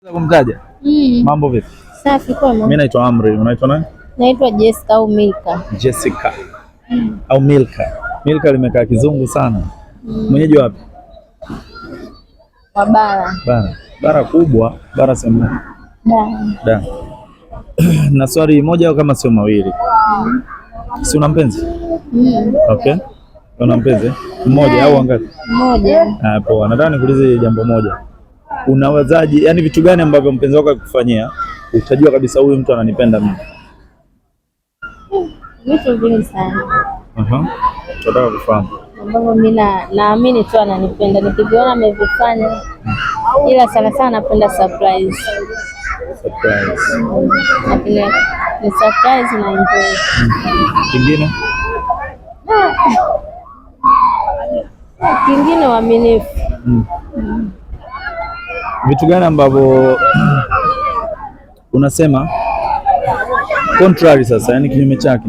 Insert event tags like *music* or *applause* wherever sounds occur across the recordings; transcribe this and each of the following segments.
Kumtaja. Mm. Mambo vipi? Safi kwa mimi. Mimi naitwa Amri, unaitwa nani? Naitwa Jessica au Milka. Jessica. Mm. Au Milka. Milka limekaa kizungu sana. Mm. Mwenyeji wapi? Wa bara. Bara. Bara kubwa, bara sema. Da. Da. Na swali moja au kama sio mawili. Mm. Si una mpenzi? Mm. Okay. Una mpenzi? Mmoja au wangapi? Mmoja. Ah, poa. Nataka nikuulize jambo moja unawezaji, yani vitu gani ambavyo mpenzi wako akikufanyia utajua kabisa huyu mtu ananipenda mimi? Vitu vingi sana Aha. uh kufahamu Ambapo mimi na naamini tu ananipenda nikiviona amevifanya, ila sana sana napenda surprise. Surprise. Lakini Napenda ni surprise na enjoy. Kingine? Ah. Kingine uaminifu. Mm vitu gani ambavyo unasema contrary sasa, yani kinyume chake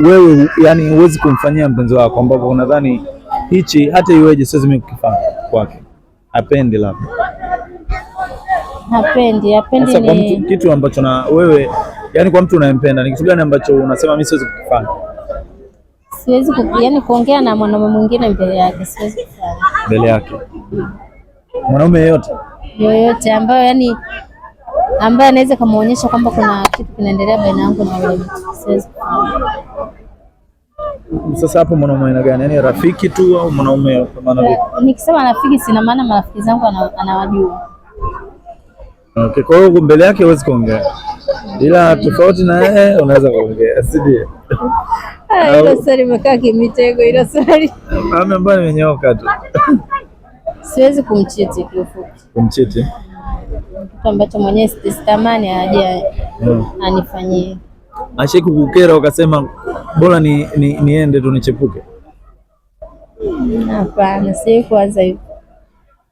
wewe, yani huwezi kumfanyia mpenzi wako ambapo unadhani hichi hata iweje siwezi mimi kukifanya kwake, hapendi labda hapendi hapendi ni... mtu, kitu ambacho na wewe yani kwa mtu unayempenda ni kitu gani ambacho unasema mimi siwezi kukifanya? Siwezi yani kuongea na mwanamume mwingine mbele yake, siwezi kufanya mbele yake mwanaume yeyote yoyote ambayo yani ambaye anaweza kumuonyesha kwamba kuna kitu kinaendelea baina yangu na yule Sasa hapo mwanaume aina gani? Yani rafiki tu au mwanaume kwa maana vipi? Eh, nikisema rafiki sina maana marafiki zangu anawajua. Okay, kwa hiyo mbele yake huwezi kuongea. Ila tofauti na yeye unaweza kuongea, si ndio? Hilo ah, sasa nimekaa kimitego, ila sasa. Mama ambaye nimenyoka tu. Siwezi kumchiti kiufupi. Kumchiti eh? kitu ambacho mwenyewe sitamani aje mm. anifanyie. Ashai kukukera ukasema bora ni, ni, niende tu nichepuke? Hapana, si kwanza hivyo.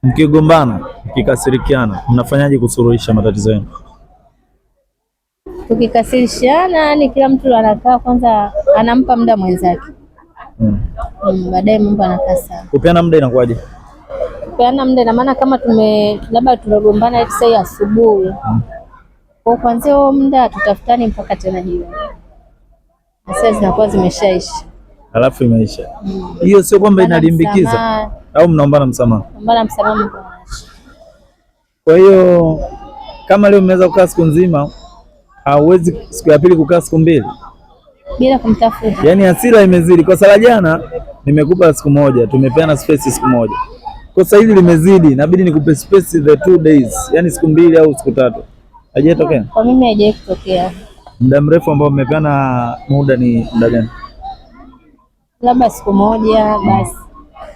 Mkigombana mkikasirikiana, mnafanyaje kusuluhisha matatizo yenu? Tukikasirishana, yani kila mtu anakaa kwanza, anampa muda mwenzake Mm. Mm, baadaye mambo anakaa sawa. Kupeana muda inakuwaje? kupeana yaani muda, na maana kama tume labda tunagombana let's sasa asubuhi, mm. kwa kwanza huo muda tutafutani mpaka tena hiyo sasa zinakuwa zimeshaisha, alafu imeisha mm. hiyo mm. Sio kwamba inalimbikiza au mnaombana msamaha, mnaombana msamaha. Kwa hiyo kama leo mmeweza kukaa siku nzima, hauwezi siku ya pili kukaa siku mbili bila kumtafuta, yaani hasira imezidi. Kwa sala jana nimekupa siku moja, tumepeana space siku moja kwa sasa hivi limezidi, inabidi nikupe space the two days, yani siku mbili au siku tatu. Haijatokea kwa mimi, haijawahi kutokea. Muda mrefu ambao mmepeana muda ni muda gani? Labda siku moja basi,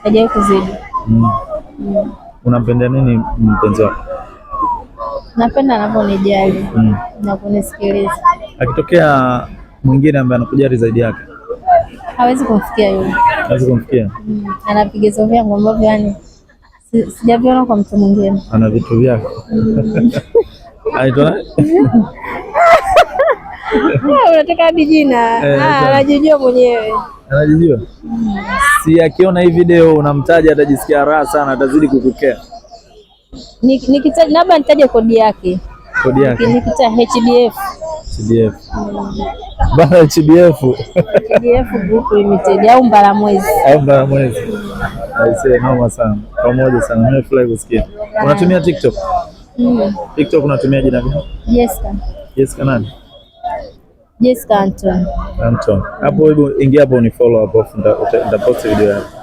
haijawahi kuzidi. mm. mm. Unampenda nini mpenzi wako? Napenda anaponijali mm. na kunisikiliza. Akitokea mwingine ambaye anakujali zaidi yake hawezi kumfikia yule, hawezi kumfikia mm. anapiga vyangu ambavyo yani sijaviona kwa mtu mwingine. Ana vitu vyake *laughs* aitwa *laughs* ah, unataka bijina, eh, ah, anajijua mwenyewe, anajijua mm. si. Akiona hii video unamtaja atajisikia raha sana, atazidi kukukea. Nikitaja labda nitaje kodi yake, kodi yake nikitaja HDF CDF. Mm. Bana CDF. CDF Group Limited au Mwezi. Au Mbalamwezi. Aisee, noma sana. Pamoja sana. Nimefurahi kusikia. Unatumia TikTok? Mm. TikTok unatumia jina gani? Jessica. Jessica nani? Jessica Anton. Anton. Hapo hebu ingia hapo unifollow hapo, ndio nitapost video yako.